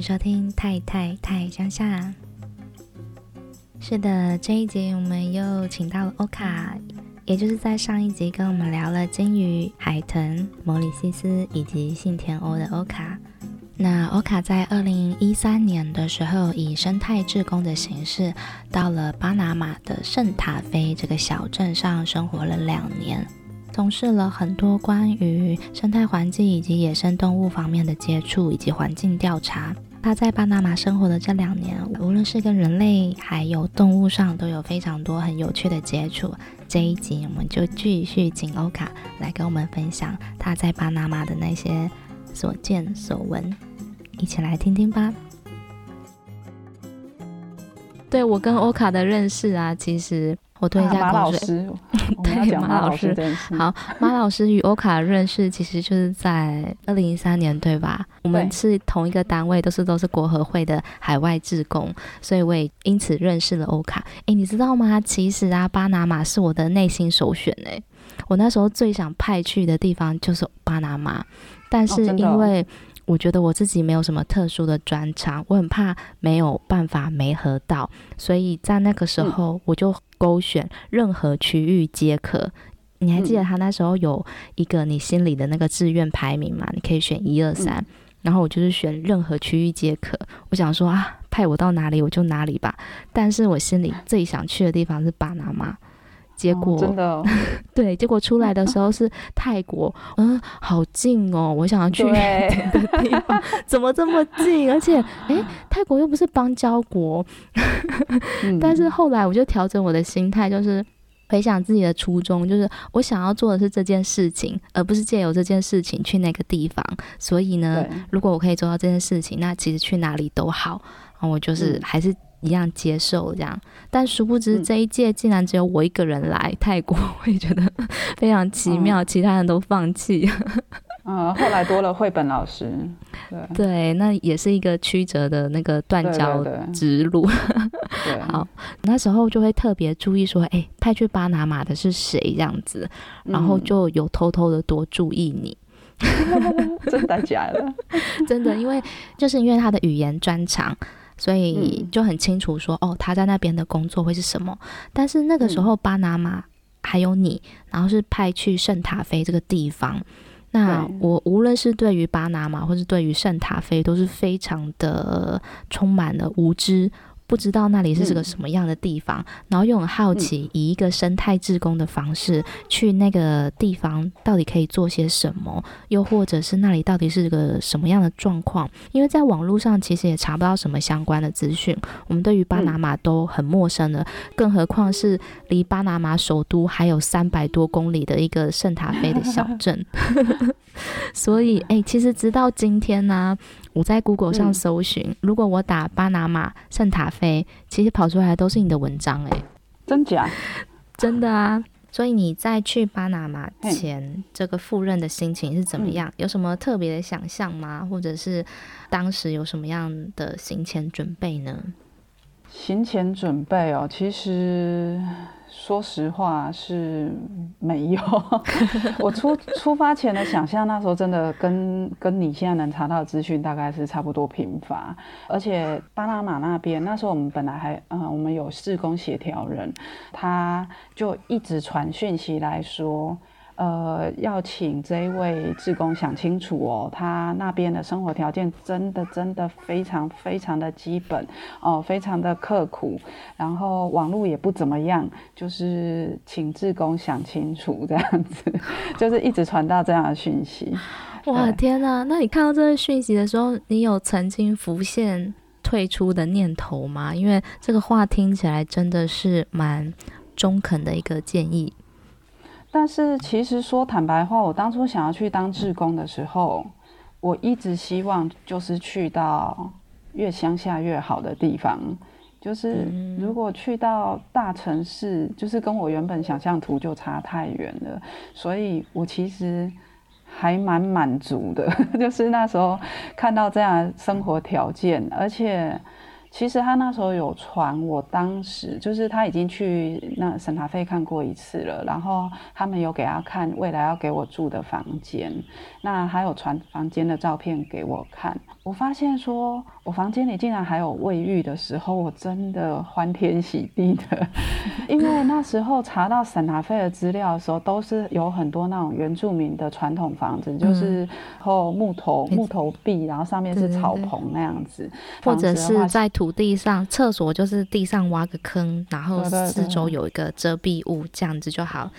收聽太太太鄉下。是的，這一集我們又請到了歐卡，也就是在上一集跟我們聊了鯨魚、海豚、模里西斯以及信天翁的歐卡。那歐卡在二零一三年的時候，以生態志工的形式，到了巴拿馬的聖塔非這個小鎮上生活了兩年，從事了很多關於生態環境以及野生動物方面的接觸以及環境調查。他在巴拿馬生活的這兩年，無論是跟人類還有動物上，都有非常多很有趣的接觸。這一集我們就繼續請歐卡來跟我們分享他在巴拿馬的那些所見所聞，一起來聽聽吧。對我跟歐卡的認識啊，其實。我吞一下口水，啊，馬老師， 對馬老師，好，馬老師與歐卡認識，其實就是在二零一三年，對吧？對，我們是同一個單位，都是都是國合會的海外志工，所以我也因此認識了歐卡。誒，你知道嗎？其實啊，巴拿馬是我的內心首選誒，我那時候最想派去的地方就是巴拿馬，但是因為我覺得我自己沒有什麼特殊的專長，我很怕沒有辦法媒合到，所以在那個時候我就勾選任何區域皆可。你還記得他那時候有一個你心裡的那個志願排名嗎？你可以選一二三，然後我就是選任何區域皆可。我想說啊，派我到哪裡我就哪裡吧，但是我心裡最想去的地方是巴拿馬。結果、哦哦、 對，結果出來的時候是泰國，嗯、 呃，好近哦，我想要去遠點的地方， 怎麼這麼近？而且，誒，泰國又不是邦交國。 但是後來我就調整我的心態，就是回想自己的初衷，就是我想要做的是這件事情，而不是借由這件事情去那個地方。所以呢，對如果我可以做到這件事情，那其實去哪裡都好。然後我就是還是。一樣接受這樣，但殊不知這一屆竟然只有我一個人來、嗯、泰國，我也覺得非常奇妙，嗯、其他人都放棄。嗯，後來多了繪本老師，對，對，那也是一個曲折的那個斷交之路。對、對、對， 好，對那時候就會特別注意說，哎、欸，派去巴拿馬的是誰這樣子，然後就有偷偷的多注意你，嗯、 真的假的？ 真的，因為就是因為他的語言專長。所以就很清楚說，嗯、哦，他在那邊的工作會是什麼。但是那個時候，巴拿馬還有你，嗯、然後是派去聖塔菲這個地方。那我無論是對於巴拿馬，或是對於聖塔菲，都是非常的充滿了無知。不知道那裡是個什麼樣的地方，嗯、然後又很好奇，以一個生態志工的方式去那個地方，到底可以做些什麼，又或者是那裡到底是個什麼樣的狀況？因為在網絡上其實也查不到什麼相關的資訊，我們對於巴拿馬都很陌生的，嗯、更何況是離巴拿馬首都還有三百多公里的一個聖塔非的小鎮。 所以，誒、欸，其實直到今天呢、啊。我在 Google 上搜尋，嗯、如果我打巴拿馬聖塔菲，其實跑出來都是你的文章誒、欸，真假？ 真的啊！所以你在去巴拿馬前，嗯、這個赴任的心情是怎麼樣？嗯、有什麼特別的想象嗎？或者是當時有什麼樣的行前準備呢？行前準備哦，其實。說實話是沒有， 我出出發前的想象，那時候真的跟跟你現在能查到的資訊大概是差不多貧乏，而且巴拿馬那邊那時候我們本來還嗯，我們有施工協調人，他就一直傳訊息來說。呃，要請這一位志工想清楚哦，他那邊的生活條件真的真的非常非常的基本哦，呃，非常的刻苦，然後網絡也不怎麼樣，就是請志工想清楚這樣子，就是一直傳到這樣的訊息。哇，天吶！那你看到這個訊息的時候，你有曾經浮現退出的念頭嗎？因為這個話聽起來真的是蠻中肯的一個建議。但是其實說坦白話，我當初想要去當志工的時候，我一直希望就是去到越鄉下越好的地方。就是如果去到大城市，就是跟我原本想象圖就差太遠了。所以我其實還蠻滿足的，就是那時候看到這樣的生活條件，而且。其實他那時候有傳，我當時就是他已經去那 Santa Fe 看過一次了，然後他們有給他看未來要給我住的房間，那還有傳房間的照片給我看。我發現說我房間裡竟然還有衛浴的時候，我真的歡天喜地的，因為那時候查到 Santa Fe 的資料的時候，都是有很多那種原住民的傳統房子，就是後木頭木頭壁，然後上面是草棚那樣子，或者是在。土地上廁所，就是地上挖個坑，然後四周有一個遮蔽物，對對對，這樣子就好。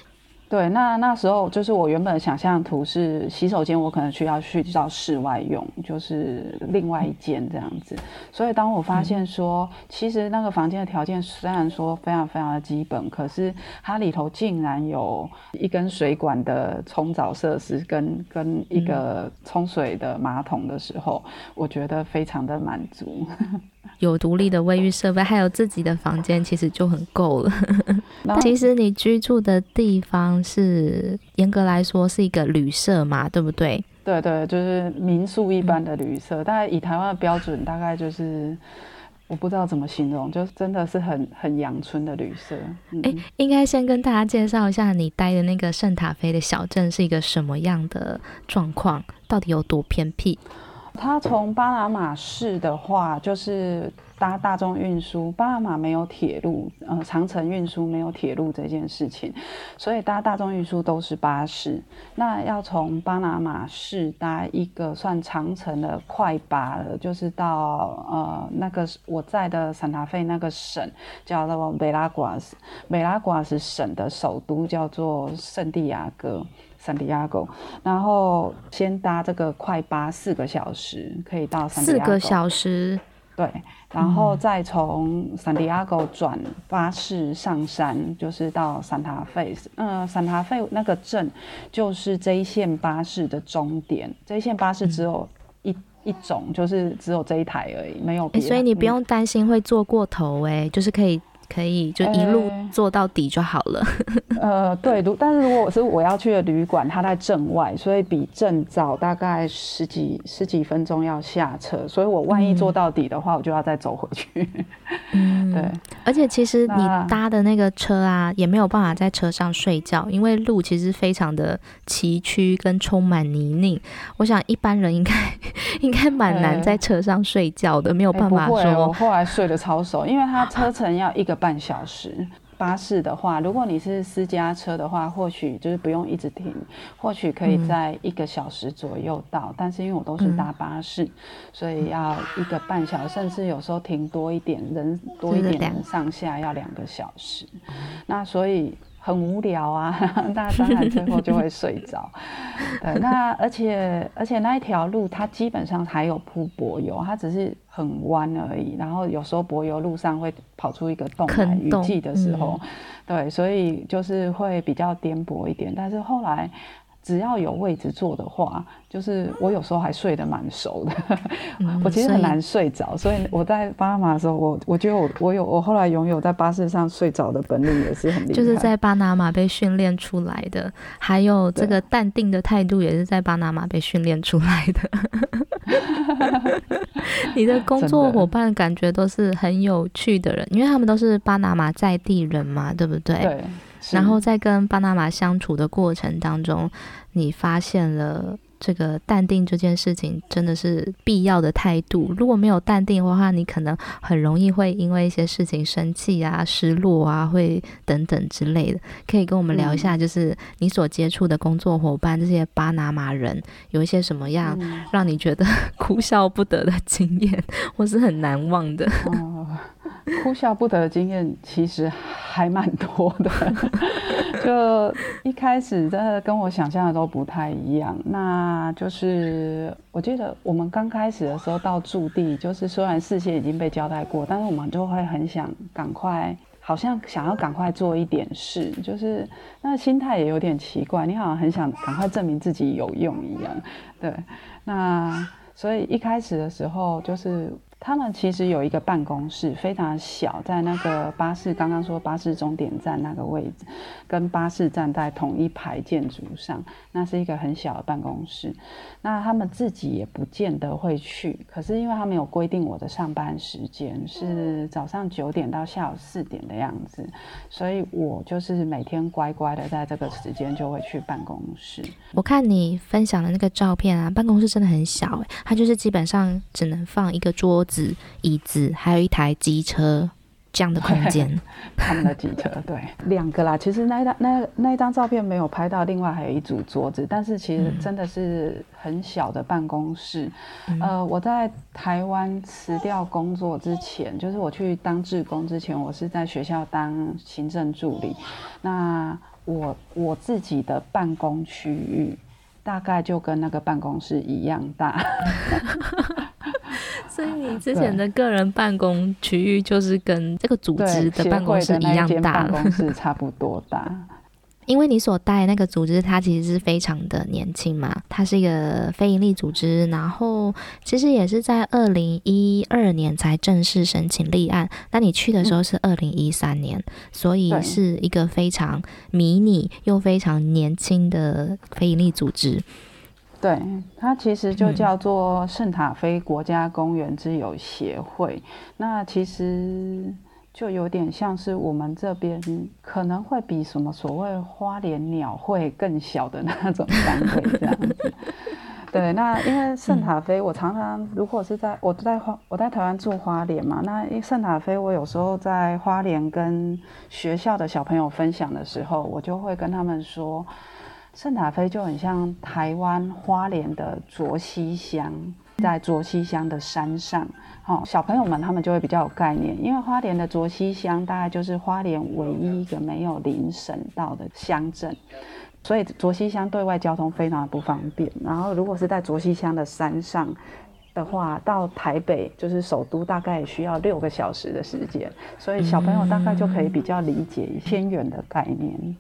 對，那那時候就是我原本想象的圖是洗手間，我可能需要去到室外用，就是另外一間這樣子。嗯、所以當我發現說，其實那個房間的條件雖然說非常非常的基本，可是它裡頭竟然有一根水管的沖澡設施跟跟一個沖水的馬桶的時候，嗯、我覺得非常的滿足。有獨立的衛浴設備，還有自己的房間，其實就很夠了。 後其實你居住的地方是嚴格來說是一個旅社嘛，對不對？對，對對，就是民宿一般的旅社。嗯、但以台灣的標準，大概就是我不知道怎麼形容，就是真的是很很陽春的旅社。哎、嗯欸，應該先跟大家介紹一下你待的那個聖塔非的小鎮是一個什麼樣的狀況，到底有多偏僻？他從巴拿馬市的話，就是搭大眾運輸。巴拿馬沒有鐵路，呃，長程運輸沒有鐵路這件事情，所以搭大眾運輸都是巴士。那要從巴拿馬市搭一個算長程的快巴了，就是到呃那個我在的聖塔非那個省，叫做貝拉瓜斯。貝拉瓜斯省的首都叫做聖地亞哥。San Diego，然後先搭這個快巴，四個小時可以到 San Diego，四個小時，對。嗯、然後再從 San Diego 轉巴士上山，就是到 Santa Fe。嗯，Santa Fe 那個鎮就是這一線巴士的終點。這一線巴士只有一、嗯、一種，就是只有這一台而已，沒有，所以你不用擔心會坐過頭、欸，誒，就是可以。可以就一路坐到底就好了。欸、呃，對，如但是如果我是我要去的旅館，它在鎮外，所以比鎮早大概十幾十幾分鐘要下車，所以我萬一坐到底的話，嗯、我就要再走回去。嗯，對。而且其實你搭的那個車啊，那也沒有辦法在車上睡覺，因為路其實非常的崎嶇跟充滿泥濘。我想一般人應該應該蠻難在車上睡覺的，欸、沒有辦法說、欸欸。我後來睡得超熟，因為他車程要一個。半小時，巴士的話，如果你是私家車的話，或許就是不用一直停，或許可以在一個小時左右到。嗯、但是因為我都是搭巴士，嗯、所以要一個半小時，甚至有時候停多一點，人多一點，上下要兩個小時。那所以很無聊啊呵呵，那當然最後就會睡着。 對，那而且而且那一條路它基本上還有鋪柏油，它只是。很彎而已，然後有時候柏油路上會跑出一個洞來，坑洞，雨季的時候，嗯、對，所以就是會比較顛簸一點，但是後來。只要有位置坐的話，就是我有時候還睡得蠻熟的，嗯，呵呵。我其實很難睡着，所以，所以我在巴拿馬的時候，我我覺得我我有我後來擁有在巴士上睡着的本領也是很厲害。就是在巴拿馬被訓練出來的，還有這個淡定的態度也是在巴拿馬被訓練出來的。對 你的工作夥伴感覺都是很有趣的人，真的因為他們都是巴拿馬在地人嘛，對不對？對。然後在跟巴拿馬相處的過程當中，你發現了這個淡定這件事情真的是必要的態度。如果沒有淡定的話，你可能很容易會因為一些事情生氣啊、失落啊，會等等之類的。可以跟我們聊一下，就是你所接觸的工作伙伴、嗯、這些巴拿馬人有一些什麼樣讓你覺得哭笑不得的經驗，或是很難忘的。嗯哭笑不得的經驗其實還蠻多的 ，就一開始真的跟我想象的都不太一樣。那就是我記得我們剛開始的時候到駐地，就是雖然事先已經被交代過，但是我們就會很想趕快，好像想要趕快做一點事，就是那心態也有點奇怪，你好像很想趕快證明自己有用一樣。對，那所以一開始的時候就是。他們其實有一個辦公室，非常小，在那個巴士，剛剛說巴士終點站那個位置，跟巴士站在同一排建築上。那是一個很小的辦公室。那他們自己也不見得會去，可是因為他們沒有規定我的上班時間是早上九點到下午四點的樣子，所以我就是每天乖乖的在這個時間就會去辦公室。我看你分享的那個照片啊，辦公室真的很小欸，它就是基本上只能放一個桌子、椅子、還有一台機車這樣的空間，他們的機車對兩 個啦。其實那一張那那一張照片沒有拍到，另外還有一組桌子。但是其實真的是很小的辦公室。嗯、呃，我在台灣辭掉工作之前，就是我去當志工之前，我是在學校當行政助理。那我我自己的辦公區域大概就跟那個辦公室一樣大。 所以你之前的個人辦公區域就是跟這個組織的辦公室一樣大了，差不多大。 因為你所帶那個組織，它其實是非常的年輕嘛，它是一個非營利組織，然後其實也是在二零一二年才正式申請立案。那你去的時候是二零一三年，嗯，所以是一個非常迷你又非常年輕的非營利組織。對，它其實就叫做聖塔非國家公園之友協會，嗯、那其實就有點像是我們這邊可能會比什麼所謂花蓮鳥會更小的那種單位這樣子。 對，那因為聖塔非，我常常如果是在我在花我，我在台灣住花蓮嘛，那聖塔非，我有時候在花蓮跟學校的小朋友分享的時候，我就會跟他們說。聖塔菲就很像台灣花蓮的卓溪鄉，在卓溪鄉的山上，哦，小朋友們他們就會比較有概念，因為花蓮的卓溪鄉大概就是花蓮唯一一個沒有鄰省道的鄉鎮，所以卓溪鄉對外交通非常不方便。然後如果是在卓溪鄉的山上的話，到台北就是首都大概也需要六個小時的時間，所以小朋友大概就可以比較理解一些偏遠的概念。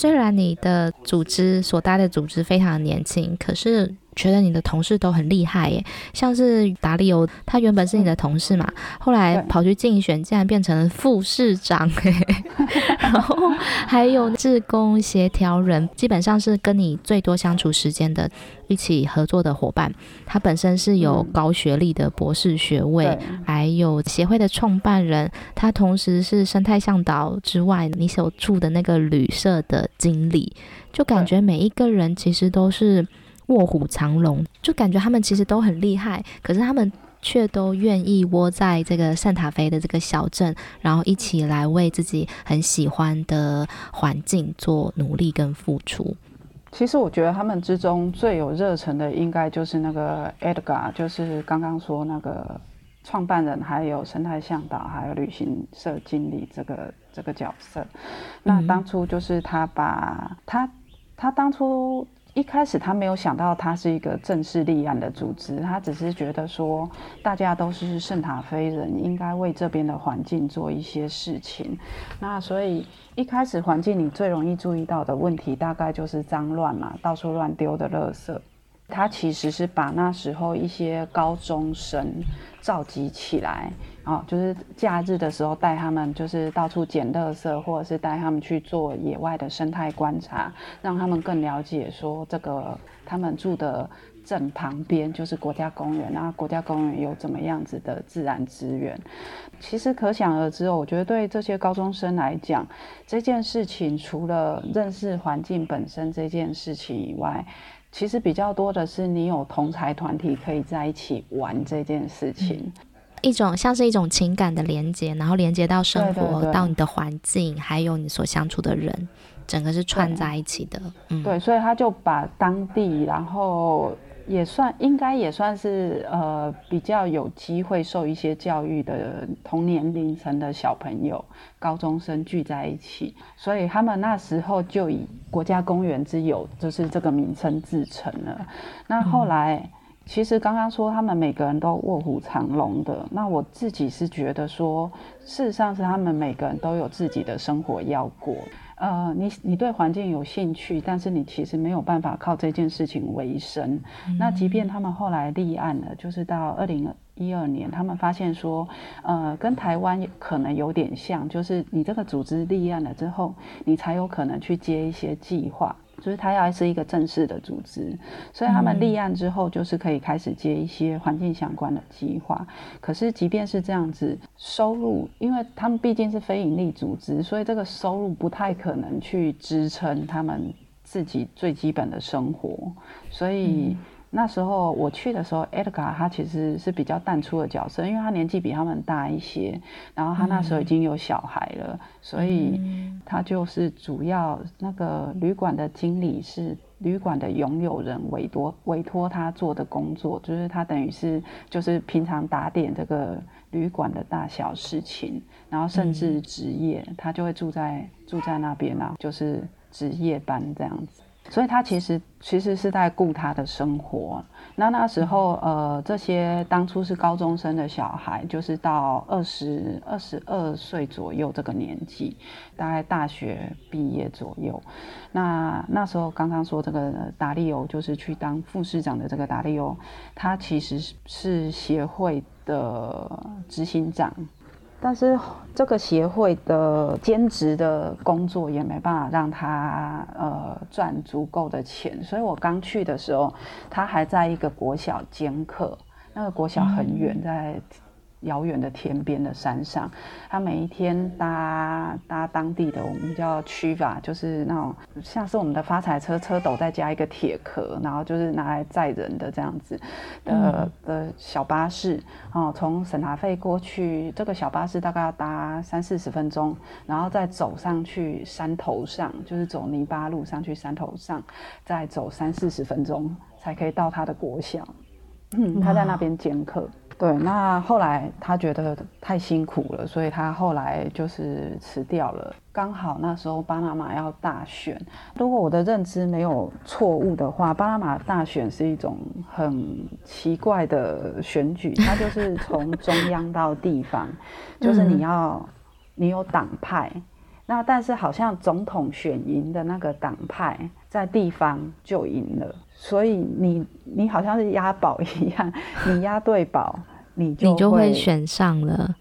雖然你的組織所搭的組織非常年輕，可是，覺得你的同事都很厲害耶，像是達利歐，他原本是你的同事嘛，嗯、後來跑去競選，對竟然變成了副市長。 然後還有志工協調人，基本上是跟你最多相處時間的，嗯、一起合作的夥伴。他本身是有高學歷的博士學位，對還有協會的創辦人，他同時是生態嚮導之外，你所住的那個旅社的經理，就感覺每一個人其實都是。臥虎藏龍，就感覺他們其實都很厲害，可是他們卻都願意窩在這個聖塔菲的這個小鎮，然後一起來為自己很喜歡的環境做努力跟付出。其實我覺得他們之中最有熱忱的，應該就是那個 Edgar，就是剛剛說那個創辦人，還有生態向導，還有旅行社經理這個這個角色。那當初就是他把，嗯嗯他他當初。一開始他沒有想到他是一個正式立案的組織，他只是覺得說大家都是聖塔非人，應該為這邊的環境做一些事情。那所以一開始環境裡最容易注意到的問題，大概就是髒亂嘛，到處亂丟的垃圾。他其實是把那時候一些高中生召集起來。啊、哦，就是假日的時候帶他們，就是到處撿垃圾，或者是帶他們去做野外的生態觀察，讓他們更了解說，這個他們住的鎮旁邊就是國家公園，那國家公園有怎麼樣子的自然資源。其實可想而知哦，我覺得對這些高中生來講，這件事情除了認識環境本身這件事情以外，其實比較多的是你有同儕團體可以在一起玩這件事情。嗯一種像是一種情感的連接，然後連接到生活，對對對到你的環境，還有你所相處的人，整個是串在一起的。對嗯，對，所以他就把當地，然後也算應該也算是呃比較有機會受一些教育的同年齡層的小朋友、高中生聚在一起，所以他們那時候就以國家公園之友就是這個名稱製成了。那後來。嗯其實剛剛說他們每個人都臥虎藏龍的，那我自己是覺得說，事實上是他們每個人都有自己的生活要過。呃，你你對環境有興趣，但是你其實沒有辦法靠這件事情為生。那即便他們後來立案了，就是到二零一二年，他們發現說，呃，跟台灣可能有點像，就是你這個組織立案了之後，你才有可能去接一些計劃。就是他要是一個正式的組織，所以他們立案之後，就是可以開始接一些環境相關的計劃。嗯、可是，即便是這樣子，收入，因為他們畢竟是非營利組織，所以這個收入不太可能去支撐他們自己最基本的生活，所以。嗯那時候我去的時候，Edgar 他其實是比較淡出的角色，因為他年紀比他們大一些，然後他那時候已經有小孩了，嗯、所以他就是主要那個旅館的經理，是旅館的擁有人委托委托他做的工作，就是他等於是就是平常打點這個旅館的大小事情，然後甚至值夜，嗯、他就會住在住在那邊啊，就是值夜班這樣子。所以他其實其實是在顧他的生活。那那時候，呃，這些當初是高中生的小孩，就是到二十二十二歲左右這個年紀，大概大學畢業左右。那那時候剛剛說這個達利歐，就是去當副市長的這個達利歐，他其實是協會的執行長。但是這個協會的兼職的工作也沒辦法讓他呃賺足夠的錢，所以我剛去的時候，他還在一個國小兼課，那個國小很遠，啊、在。遙遠的天邊的山上，他每一天搭搭當地的我們叫區吧，就是那種像是我們的發財車車斗再加一個鐵殼，然後就是拿來載人的這樣子的、嗯、的小巴士，然、哦、從聖塔非過去，這個小巴士大概要搭三四十分鐘，然後再走上去山頭上，就是走泥巴路上去山頭上，再走三四十分鐘才可以到他的國小，嗯、他在那邊兼課。對，那後來他覺得太辛苦了，所以他後來就是辭掉了。剛好那時候巴拿馬要大選，如果我的認知沒有錯誤的話，巴拿馬大選是一種很奇怪的選舉，它就是從中央到地方， 就是你要你有黨派，那但是好像總統選贏的那個黨派在地方就贏了，所以你你好像是押寶一樣，你押對寶。你就你就會選上了，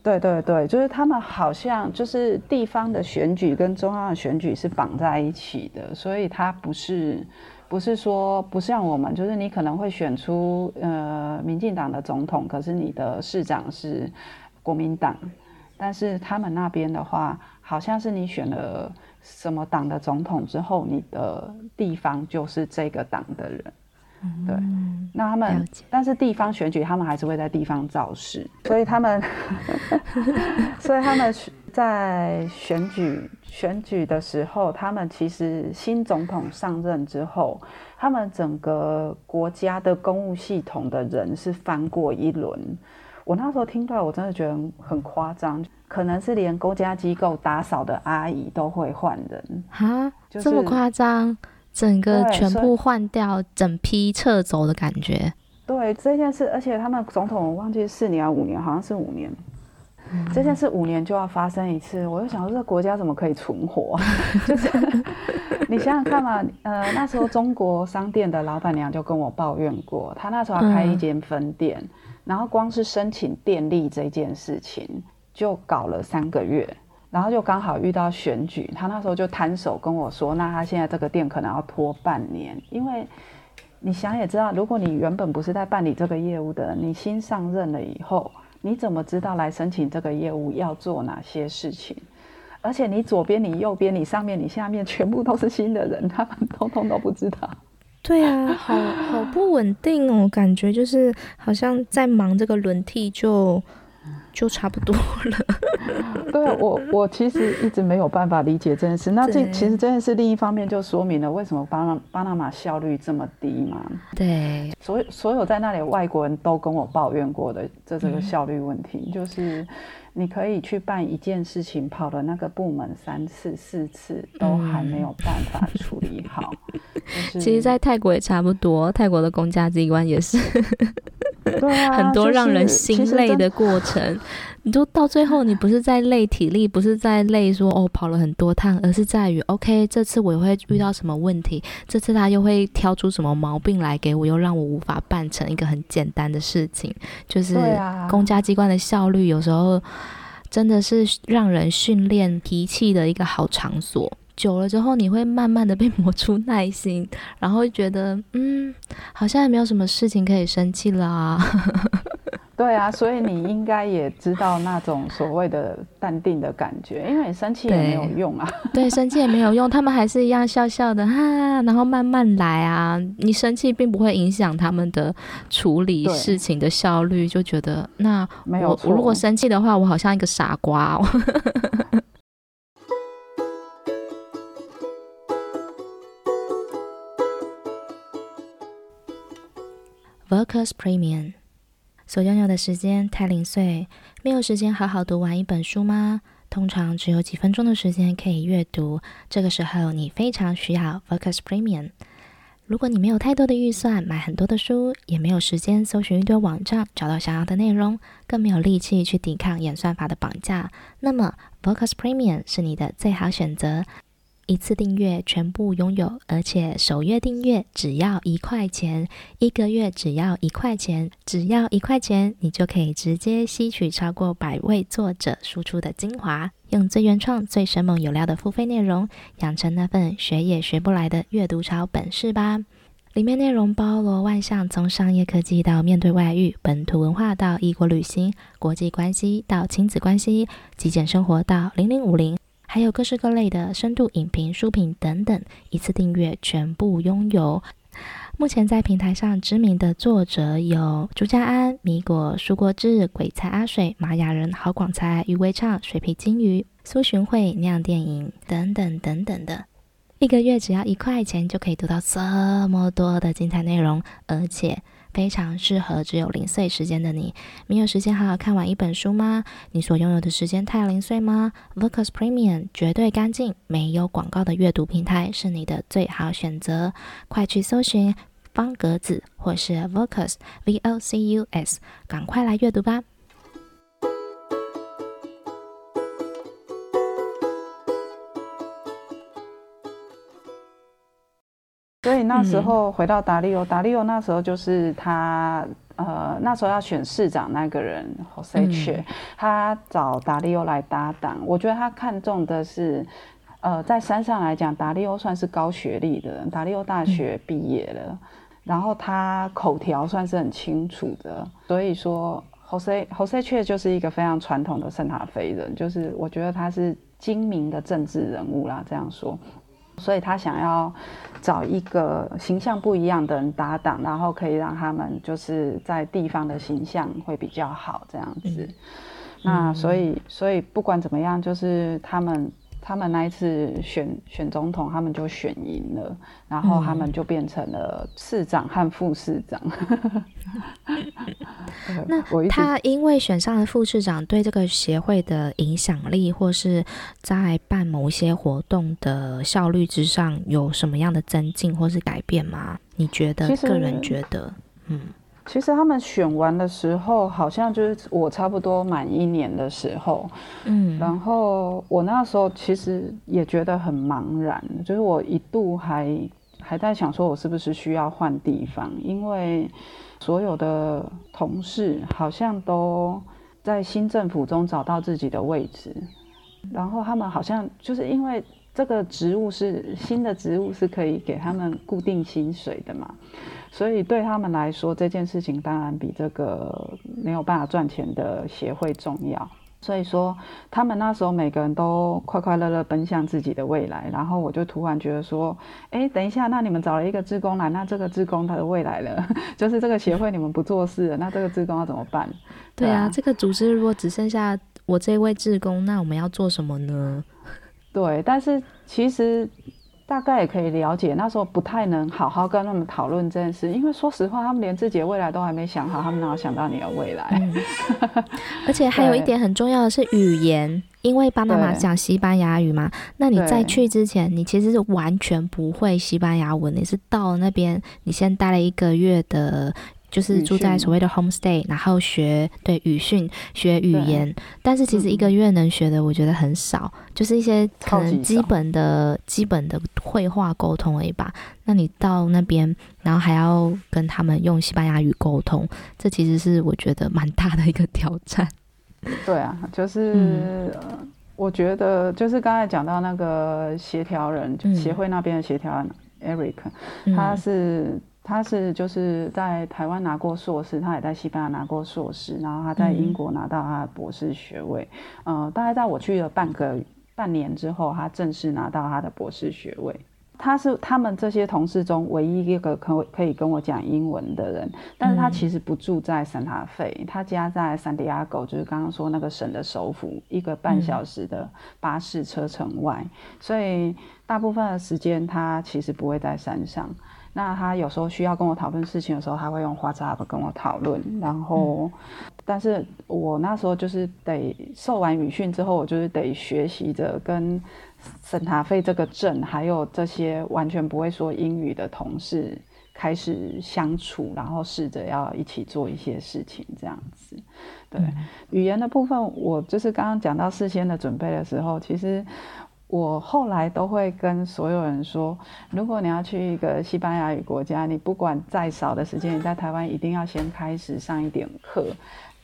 對對對，就是他們好像就是地方的選舉跟中央的選舉是綁在一起的，所以他不是不是說不像我們，就是你可能會選出呃民進黨的總統，可是你的市長是國民黨，但是他們那邊的話，好像是你選了什麼黨的總統之後，你的地方就是這個黨的人。對，那他們，嗯、但是地方選舉，他們還是會在地方造勢，所以他們， 所以他們在選舉選舉的時候，他們其實新總統上任之後，他們整個國家的公務系統的人是翻過一輪。我那時候聽到，我真的覺得很誇張，可能是連國家機構打掃的阿姨都會換人啊，就是、這麼誇張。整個全部換掉，整批撤走的感覺。對，對這件事，而且他們總統我忘記四年還、啊、五年，好像是五年。嗯、這件事五年就要發生一次，我就想說，這個國家怎麼可以存活？ 就是你想想看嘛， 呃，那時候中國商店的老闆娘就跟我抱怨過，她那時候要開一間分店，嗯、然後光是申請電力這件事情就搞了三個月。然後就剛好遇到選舉，他那時候就攤手跟我說：“那他現在這個店可能要拖半年，因為你想也知道，如果你原本不是在辦理這個業務的，你新上任了以後，你怎麼知道來申請這個業務要做哪些事情？而且你左邊、你右邊、你上面、你下面，全部都是新的人，他們通通都不知道。”“對啊，好好不穩定哦， 感覺就是好像在忙這個輪替就，就就差不多了。 ” 對，我我其實一直沒有辦法理解這件事。那這對其實真的是另一方面，就說明了為什麼巴拿巴拿馬效率這麼低嘛。對，所所有在那裡的外國人都跟我抱怨過的，這這個效率問題，嗯、就是。你可以去辦一件事情，跑了那個部門三次、四次都還沒有辦法處理好。嗯就是、其實，在泰國也差不多，泰國的公家機關也是、啊、很多讓人心累的過程。就是、你就到最後，你不是在累體力，不是在累說哦跑了很多趟，嗯、而是在於 OK，這次我也會遇到什麼問題？這次他、啊、又會挑出什麼毛病來給我，又讓我無法辦成一個很簡單的事情。就是公家機關的效率有時候。真的是讓人訓練脾氣的一個好場所。久了之後，你會慢慢的被磨出耐心，然後覺得，嗯，好像也沒有什麼事情可以生氣了啊。 對啊，所以你應該也知道那種所謂的淡定的感覺，因為你生氣也沒有用啊對。對，生氣也沒有用，他們還是一樣笑笑的哈、啊，然後慢慢來啊。你生氣並不會影響他們的處理事情的效率，對就覺得那我，沒有、哦、我如果生氣的話，我好像一個傻瓜、哦。Workers Premium。所擁有的時間太零碎，沒有時間好好讀完一本書嗎？通常只有幾分鐘的時間可以閱讀，這個時候你非常需要 Vocus Premium。如果你沒有太多的預算買很多的書，也沒有時間搜尋一堆網站找到想要的內容，更沒有力氣去抵抗演算法的綁架，那麼 Vocus Premium 是你的最好選擇。一次訂閱全部擁有，而且首月訂閱只要一塊錢，一個月只要一塊錢，只要一塊錢，你就可以直接吸取超過百位作者輸出的精華，用最原創、最生猛、有料的付費內容，養成那份學也學不來的閱讀超本事吧！裡面內容包羅萬象，從商業科技到面對外遇，本土文化到異國旅行，國際關係到親子關係，極簡生活到零零五零。還有各式各類的深度影評、書品等等，一次訂閱全部擁有。目前在平台上知名的作者有朱家安、米果、舒國志、鬼才阿水、瑪雅人、郝廣才、余微暢、水皮、金魚、蘇尋慧、釀電影等等等等的。一個月只要一塊錢，就可以讀到這麼多的精彩內容，而且。非常適合只有零碎時間的你。沒有時間好好看完一本書嗎？你所擁有的時間太零碎嗎？Vocus Premium 絕對乾淨、沒有廣告的閱讀平台是你的最好選擇。快去搜尋方格子或是 Vocus（V-O-C-U-S），趕快來閱讀吧！所以那時候回到達利歐，達利歐、嗯、達利歐那時候就是他，呃，那時候要選市長那個人，霍塞切，他找達利歐來搭檔。我覺得他看中的是，呃，在山上來講，達利歐算是高學歷的人，達利歐大學畢業了，嗯、然後他口條算是很清楚的。所以說，霍塞霍塞切就是一個非常傳統的聖塔菲人，就是我覺得他是精明的政治人物啦，這樣說。所以他想要找一個形象不一樣的人搭檔，然後可以讓他們就是在地方的形象會比較好這樣子。是那所以，是所以不管怎麼樣，就是他們。他們那一次選選總統，他們就選贏了，然後他們就變成了市長和副市長。嗯、 對那他因為選上了副市長，對這個協會的影響力，或是，在辦某些活動的效率之上，有什麼樣的增進或是改變嗎？你覺得？實個人覺得，嗯。其實他們選完的時候，好像就是我差不多滿一年的時候，嗯，然後我那時候其實也覺得很茫然，就是我一度還還在想說，我是不是需要換地方，因為所有的同事好像都在新政府中找到自己的位置，然後他們好像就是因為這個職務是新的職務，是可以給他們固定薪水的嘛。所以對他們來說，這件事情當然比這個沒有辦法賺錢的協會重要。所以說，他們那時候每個人都快快樂樂奔向自己的未來。然後我就突然覺得說，哎，等一下，那你們找了一個志工來，那這個志工他的未來了，就是這個協會你們不做事了，那這個志工要怎麼辦？對啊，啊這個組織如果只剩下我這位志工，那我們要做什麼呢？對，但是其實。大概也可以了解，那時候不太能好好跟他們討論這件事，因為說實話，他們連自己的未來都還沒想好，他們哪有想到你的未來？嗯、 而且還有一點很重要的是語言，對因為巴拿馬講西班牙語嘛，對那你在去之前，對你其實是完全不會西班牙文，你是到了那邊，你先待了一個月的。就是住在所謂的 homestay，訓然後學對語訓學語言，啊、但是其實一個月能學的我覺得很少，嗯、就是一些可能基本的基本的會話溝通而已吧。那你到那邊，然後還要跟他們用西班牙語溝通，這其實是我覺得蠻大的一個挑戰。對啊，就是、嗯呃、我覺得就是剛才講到那個協調人，就協會那邊的協調人 Eric、嗯、他是。他是就是在台灣拿過碩士，他也在西班牙拿過碩士，然後他在英國拿到他的博士學位。嗯、呃，大概在我去了半個半年之後，他正式拿到他的博士學位。他是他們這些同事中唯一一個可可以跟我講英文的人，嗯、但是他其實不住在聖塔非，他家在聖地亞哥，就是剛剛說那個省的首府，一個半小時的巴士車程外，嗯、所以大部分的時間他其實不會在山上。那他有時候需要跟我討論事情的時候，他會用 WhatsApp 跟我討論。然後，嗯、但是我那時候就是得受完語訓之後，我就是得學習着跟聖塔非這個鎮，還有這些完全不會說英語的同事開始相處，然後試着要一起做一些事情，這樣子。對、嗯、語言的部分，我就是剛剛講到事先的準備的時候，其實。我後來都會跟所有人說，如果你要去一個西班牙語國家，你不管再少的時間，你在台灣一定要先開始上一點課。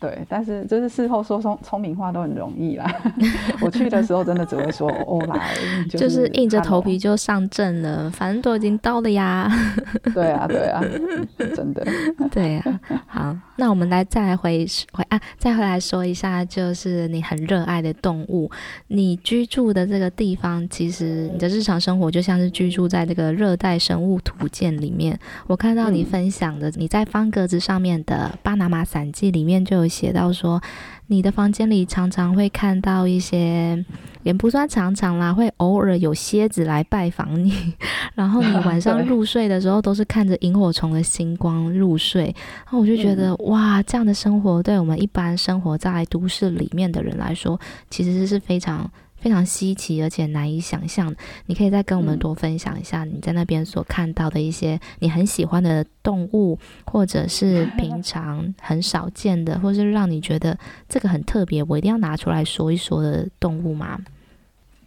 對，但是就是事後說聰聰明話都很容易啦。 我去的時候真的只會說“ 哦，來”，就是,就是硬着頭皮就上陣了， 反正都已經到了呀。 對啊，對啊，真的。 對啊，好，那我們來再來回回啊，再回來說一下，就是你很熱愛的動物，你居住的這個地方，其實你的日常生活就像是居住在這個熱帶生物圖鑑裡面。我看到你分享的你在方格子上面的《巴拿馬散記》裡面就有。寫到說，你的房間裡常常會看到一些，也不算常常啦，會偶爾有蠍子來拜訪你。然後你晚上入睡的時候，都是看着螢火蟲的星光入睡。那、啊、我就覺得，哇，這樣的生活，對我們一般生活在都市裡面的人來說，其實是非常，非常稀奇，而且難以想象。你可以再跟我們多分享一下你在那邊所看到的一些你很喜歡的動物，或者是平常很少見的， 或是讓你覺得這個很特別，我一定要拿出來說一說的動物嗎？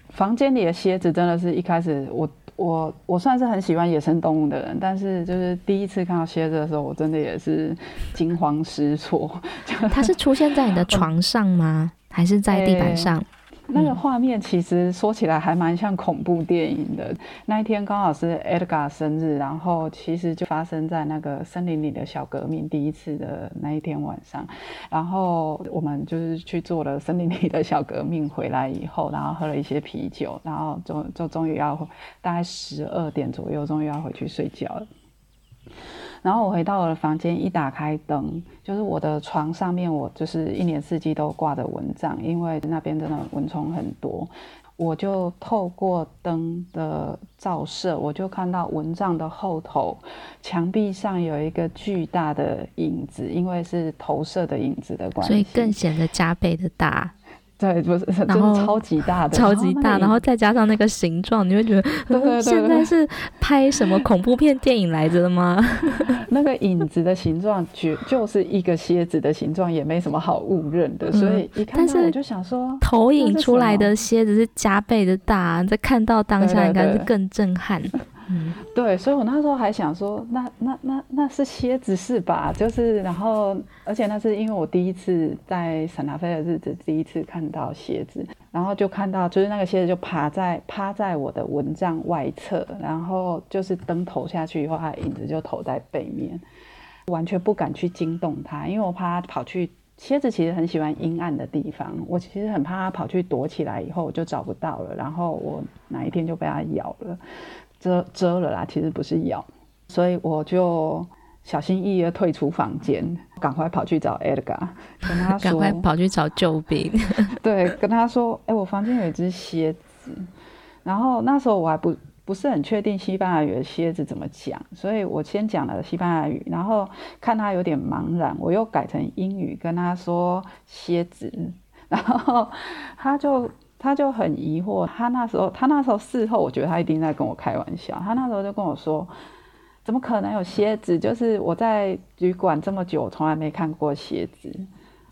房間裡的蠍子真的是一開始我，我我我算是很喜歡野生動物的人，但是就是第一次看到蠍子的時候，我真的也是驚慌失措。 它是出現在你的床上嗎？還是在地板上？欸那個畫面其實說起來還蠻像恐怖電影的。那一天剛好是 Edgar 生日，然後其實就發生在那個森林裡的小革命第一次的那一天晚上。然後我們就是去做了森林裡的小革命，回來以後，然後喝了一些啤酒，然後就，就終於要大概十二點左右，終於要回去睡覺了。然後我回到我的房間，一打開燈，就是我的床上面，我就是一年四季都掛着蚊帳，因為那邊真的蚊蟲很多。我就透過燈的照射，我就看到蚊帳的後頭牆壁上有一個巨大的影子，因為是投射的影子的關係，所以更顯得加倍的大。對，不是，然後超級大的，超級大，然後再加上那個形狀， 你會覺得，對對對對，現在是拍什麼恐怖片電影來着的嗎？ 那個影子的形狀，絕就是一個蠍子的形狀，也沒什麼好誤認的，嗯、所以一看到但是我就想說，投影出來的蠍子是加倍的大，啊，在看到當下應該是更震撼。對，所以我那時候還想說，那那那那是蠍子是吧？就是，然後而且那是因為我第一次在聖塔非的日子，第一次看到蠍子，然後就看到，就是那個蠍子就爬在趴在我的蚊帳外側，然後就是燈投下去以後，它的影子就投在背面，完全不敢去驚動它，因為我怕它跑去。蠍子其實很喜歡陰暗的地方，我其實很怕它跑去躲起來以後，我就找不到了，然後我哪一天就被它咬了。遮遮了啦，其實不是咬，所以我就小心翼翼的退出房間，趕快跑去找 Edgar，跟他說，趕快跑去找救兵， 對，跟他說，哎、欸，我房間有一只蠍子，然後那時候我還不不是很確定西班牙語的蠍子怎麼講，所以我先講了西班牙語，然後看他有點茫然，我又改成英語跟他說蠍子，然後他就。他就很疑惑，他那時候，他那時候事後，我覺得他一定在跟我開玩笑。他那時候就跟我說：“怎麼可能有蠍子？就是我在旅館這麼久，從來沒看過蠍子。”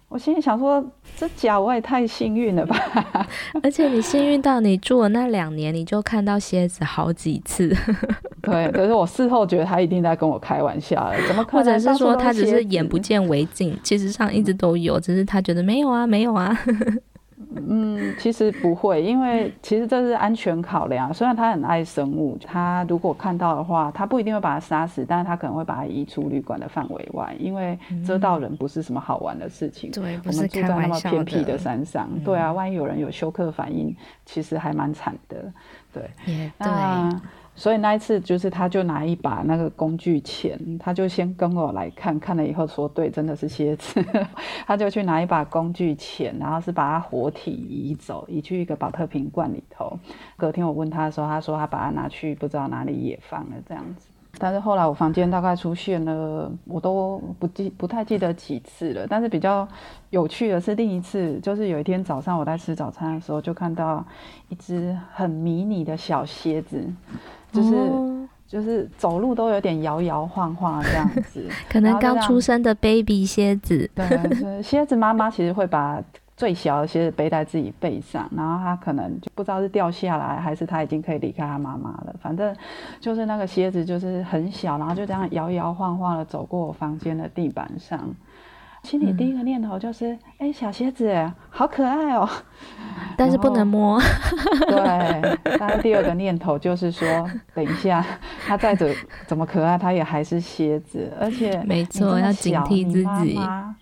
我心裡想說：“這腳我也太幸運了吧！”而且你幸運到你住了那兩年，你就看到蠍子好幾次。對，可、就是我事後覺得他一定在跟我開玩笑了。怎麼可能蠍子？或者是說他只是眼不見為淨，其實上一直都有，只是他覺得沒有啊，沒有啊。嗯，其實不會，因為其實這是安全考量。雖然他很愛生物，他如果看到的話，他不一定會把它殺死，但是他可能會把它移出旅館的範圍外，因為螫到人不是什麼好玩的事情。對、嗯，我們住在那麼偏僻的山上，對，對啊，萬一有人有休克反應，其實還蠻慘的。對，也對。所以那一次就是，他就拿一把那個工具鉗，他就先跟我來看看，看了以後說對，真的是蠍子， 他就去拿一把工具鉗，然後是把它活體移走，移去一個寶特瓶罐裡頭。隔天我問他的時候，他說他把它拿去不知道哪裡野放了這樣子。但是後來我房間大概出現了，我都不記不太記得幾次了。但是比較有趣的是另一次，就是有一天早上我在吃早餐的時候，就看到一隻很迷你的小蠍子，就是、哦、就是走路都有點搖搖晃晃這樣子，可能剛出生的 baby 蠍子。對，就是、蠍子媽媽其實會把。最小的鞋子背在自己背上，然後他可能就不知道是掉下來還是他已經可以離開他媽媽了。反正就是那個鞋子就是很小，然後就這樣搖搖晃晃的走過我房間的地板上。心裡第一個念頭就是，哎、嗯欸，小蠍子好可愛哦、喔，但是不能摸。對，然後第二個念頭就是說， 等一下，他再怎怎麼可愛，他也還是蠍子，而且沒錯錯，要警惕自己，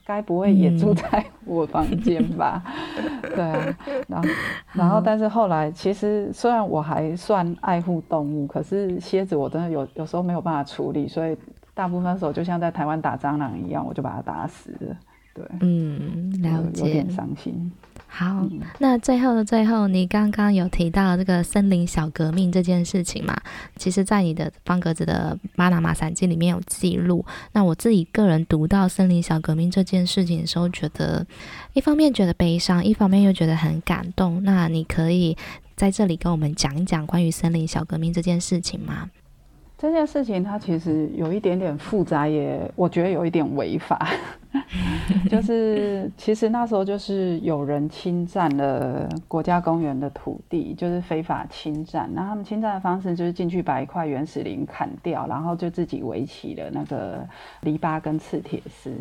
該不會也住在我房間吧？嗯、 對啊，然後然後，但是後來、嗯、其實雖然我還算愛護動物，可是蠍子我真的有有時候沒有辦法處理，所以。大部分的時候就像在台灣打蟑螂一樣，我就把它打死了。對，嗯，了解，有點傷心。好，嗯，那最後的最後，你剛剛有提到這個森林小革命這件事情嘛。其實，在你的方格子的《巴拿馬散記》裡面有記錄。那我自己個人讀到森林小革命這件事情的時候，覺得一方面覺得悲傷，一方面又覺得很感動。那你可以在這裡跟我們講一講關於森林小革命這件事情嗎？這件事情它其實有一點點複雜，也我覺得有一點違法。就是其實那時候就是有人侵占了國家公園的土地，就是非法侵占。那他們侵占的方式就是進去把一塊原始林砍掉，然後就自己圍起了那個籬笆跟刺鐵絲，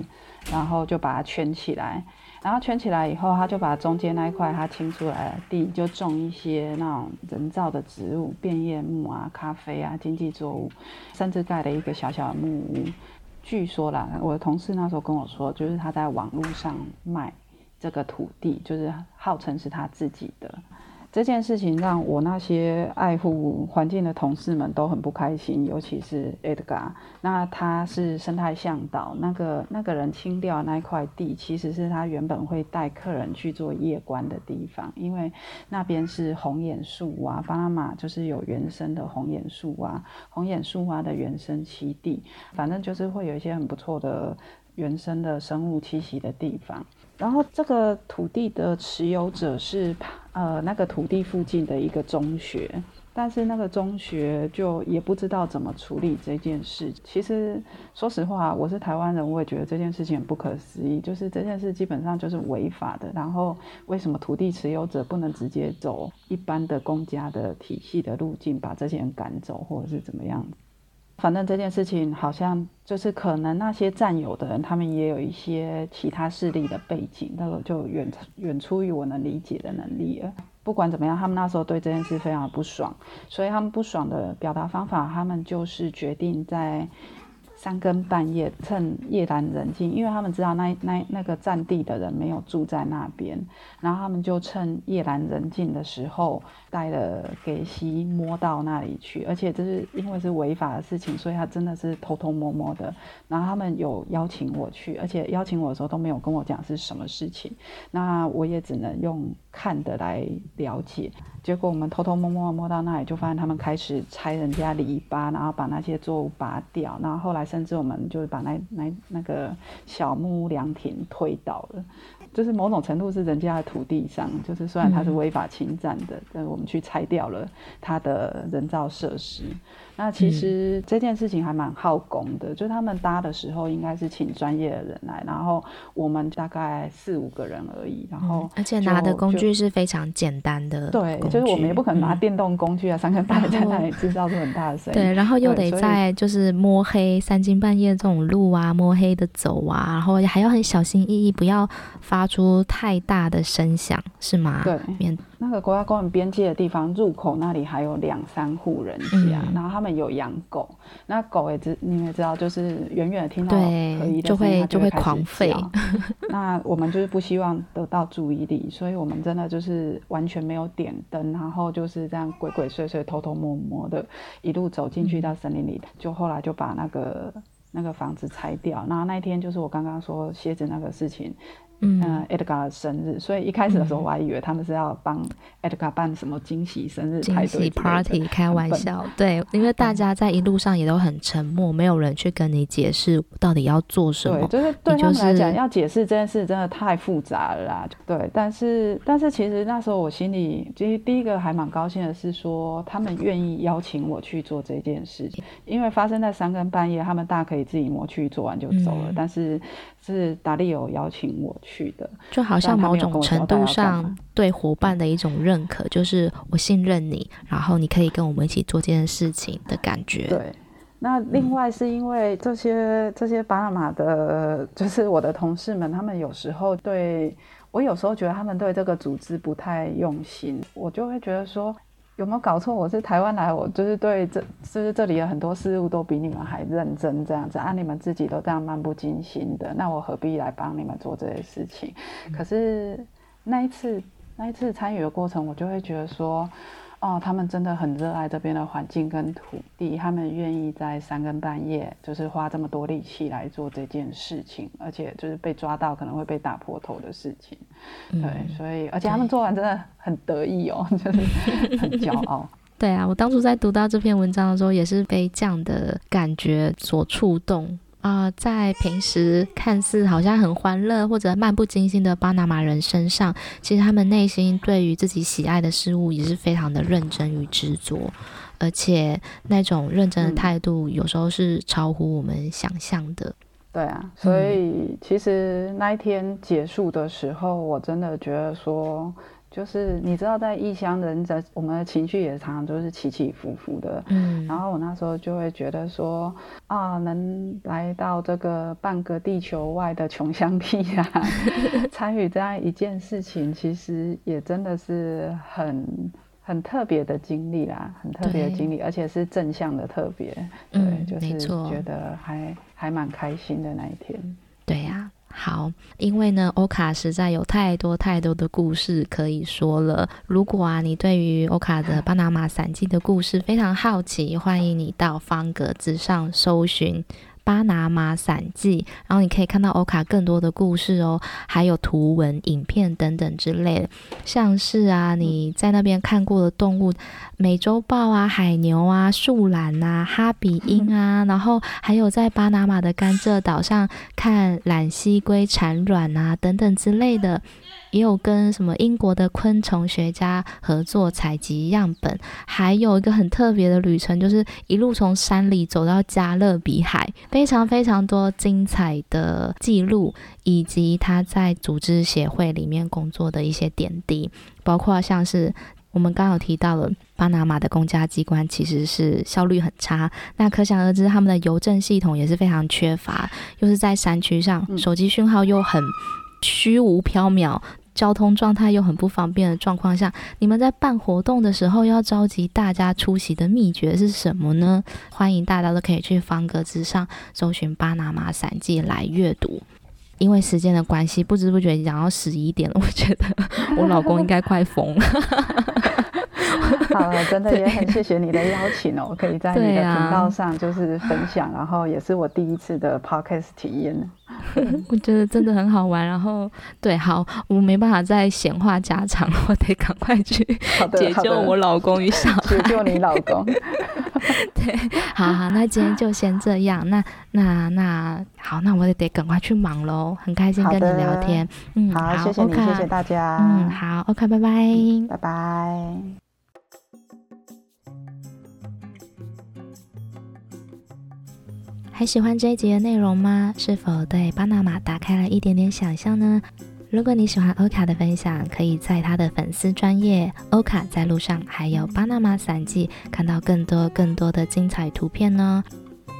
然後就把它圈起來。然後圈起來以後，他就把中間那一塊他清出來了地，就種一些那種人造的植物、變葉木啊、咖啡啊、經濟作物，甚至蓋了一個小小的木屋。據說啦，我的同事那時候跟我說，就是他在網絡上賣這個土地，就是號稱是他自己的。這件事情讓我那些愛護環境的同事們都很不開心，尤其是 Edgar，那他是生態向導，那個那個人清掉那塊地，其實是他原本會帶客人去做夜觀的地方，因為那邊是紅眼樹啊，巴拿馬就是有原生的紅眼樹啊，紅眼樹蛙的原生棲地，反正就是會有一些很不錯的原生的生物棲息的地方。然後這個土地的持有者是。呃，那個土地附近的一個中學，但是那個中學就也不知道怎麼處理這件事。其實，說實話，我是台灣人，我也覺得這件事情很不可思議。就是這件事基本上就是違法的。然後，為什麼土地持有者不能直接走一般的公家的體系的路徑，把這些人趕走，或者是怎麼樣反正這件事情好像就是可能那些占有的人，他們也有一些其他勢力的背景，那個就遠遠出於我能理解的能力了。不管怎麼樣，他們那時候對這件事非常的不爽，所以他們不爽的表達方法，他們就是決定在。三更半夜，趁夜闌人靜，因為他們知道那那那個占地的人沒有住在那邊，然後他們就趁夜闌人靜的時候，帶了給西摸到那裡去。而且這是因為是違法的事情，所以他真的是偷偷摸摸的。然後他們有邀請我去，而且邀請我的時候都沒有跟我講是什麼事情，那我也只能用。看的來了解，結果我們偷偷摸摸摸到那裡，就發現他們開始拆人家籬笆，然後把那些作物拔掉，然後後來甚至我們就是把那那那個小木屋涼亭推倒了，就是某種程度是人家的土地上，就是雖然它是違法侵佔的，嗯、但我們去拆掉了他的人造設施。那其實這件事情還蠻耗工的，嗯、就是他們搭的時候應該是請專業的人來，然後我們大概四五個人而已，然後而且拿的工具是非常簡單的，對，就是我們也不可能拿電動工具啊，嗯、三根大在那裡制造出很大的聲音，對，然後又得在就是摸黑三更半夜這種路啊，摸黑的走啊，然後還要很小心翼翼，不要發出太大的聲響，是嗎？對，那個國家公園邊界的地方入口那裡還有兩三戶人家，嗯、然後他們有養狗，那狗也知你們也知道，就是遠遠的聽到可疑的聲音，就會就會狂吠。 那我們就是不希望得到注意力，所以我們真的就是完全沒有點燈，然後就是這樣鬼鬼祟祟，祟、偷偷摸摸的一路走進去到森林裡，嗯、就後來就把那個那個房子拆掉。然後那一天就是我剛剛說蠍子那個事情。嗯，嗯，Edgar 的生日，所以一開始的時候我還以為他們是要幫 Edgar 辦什麼驚喜生日驚喜 party，開玩笑， 笨對，因為大家在一路上也都很沉默，嗯、沒有人去跟你解釋到底要做什麼。對，就是對他們來講，就是、要解釋這件事真的太複雜了啦。對，但是但是其實那時候我心裡其實第一個還蠻高興的是說，他們願意邀請我去做這件事，因為發生在三更半夜，他們大可以自己抹去做完就走了，嗯、但是。是達利有邀請我去的，就好像某種程度上對夥伴的一種認可，就是我信任你，然後你可以跟我們一起做這件事情的感覺。對，那另外是因為這些這些巴拿馬的，就是我的同事們，他們有時候對我有時候覺得他們對這個組織不太用心，我就會覺得說。有沒有搞錯？我是台灣來，我就是對這，就是,是這裡的很多事物都比你們還認真這樣子。啊，你們自己都這樣漫不經心的，那我何必來幫你們做這些事情？嗯、可是那一次，那一次參與的過程，我就會覺得說。哦，他們真的很熱愛這邊的環境跟土地，他們願意在三更半夜就是花這麼多力氣來做這件事情，而且就是被抓到可能會被打破頭的事情，嗯、對，所以而且他們做完真的很得意哦，對就是很驕傲。 對啊，我當初在讀到這篇文章的時候，也是被這樣的感覺所觸動。啊、呃，在平時看似好像很歡樂或者漫不經心的巴拿馬人身上，其實他們內心對於自己喜愛的事物也是非常的認真與執着，而且那種認真的態度有時候是超乎我們想象的。嗯、對啊，所以其實那一天結束的時候，我真的覺得說。就是你知道，在異鄉人，在，我們的情緒也常常都是起起伏伏的。嗯，然後我那時候就會覺得說，啊，能來到這個半個地球外的窮鄉僻壤、啊、 參與這樣一件事情，其實也真的是很很特別的經歷啦，很特別的經歷，對而且是正向的特別。嗯、對就是覺得還錯還蠻開心的那一天。對呀、啊。好，因為呢，歐卡實在有太多太多的故事可以說了。如果啊，你對於歐卡的《巴拿馬散記》的故事非常好奇，歡迎你到方格子上搜尋。巴拿馬散記，然後你可以看到歐卡更多的故事哦，還有圖文、影片等等之類的，像是啊，你在那邊看過的動物，美洲豹啊、海牛啊、樹懶啊、哈比鷹啊， 然後還有在巴拿馬的甘蔗島上看欖蠵龜產卵啊等等之類的。也有跟什麼英國的昆蟲學家合作採集樣本，還有一個很特別的旅程，就是一路從山裡走到加勒比海，非常非常多精彩的記錄，以及他在組織協會裡面工作的一些點滴，包括像是我們剛好提到的，巴拿馬的公家機關其實是效率很差，那可想而知他們的郵政系統也是非常缺乏，又是在山區上，手機訊號又很。虛無縹緲，交通狀態又很不方便的狀況下，你們在辦活動的時候要召集大家出席的秘訣是什麼呢？歡迎大家都可以去方格子上搜尋《巴拿馬散記》來閱讀。因為時間的關係，不知不覺然後講到十一點了，我覺得我老公應該快瘋了。 好了，真的也很謝謝你的邀請哦，我可以在你的頻道上就是分享，對啊、 然後也是我第一次的 Podcast 體驗。 我覺得真的很好玩，然後對，好，我沒辦法再閒話家常，我得趕快去解救我老公一下，解救你老公。 對，好，好，那今天就先這樣， 那那那好，那我也得趕快去忙嘍。很開心跟你聊天，的嗯，好，謝謝你，OK 謝謝大家，嗯，好，OK，bye bye 拜拜，拜拜。還喜歡這一集的內容嗎？是否對巴拿馬打開了一點點想象呢？如果你喜歡歐卡的分享，可以在他的粉絲專頁歐卡在路上，還有巴拿馬散記，看到更多更多的精彩圖片呢，哦。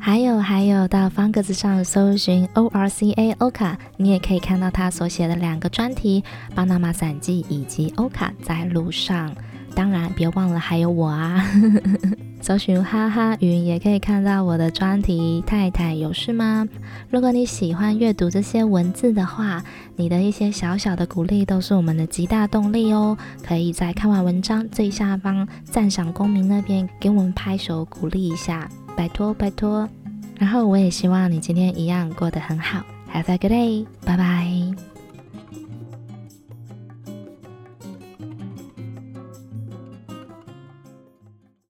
還有還有，到方格子上搜尋 O R C A 歐卡，你也可以看到他所寫的兩個專題：巴拿馬散記以及歐卡在路上。當然，別忘了還有我啊！ 搜尋哈哈雲，也可以看到我的專題。太太有事嗎？如果你喜歡閱讀這些文字的話，你的一些小小的鼓勵都是我們的極大動力哦。可以在看完文章最下方贊賞公民那邊給我們拍手鼓勵一下，拜託拜託。然後我也希望你今天一樣過得很好，Have a good day，拜拜。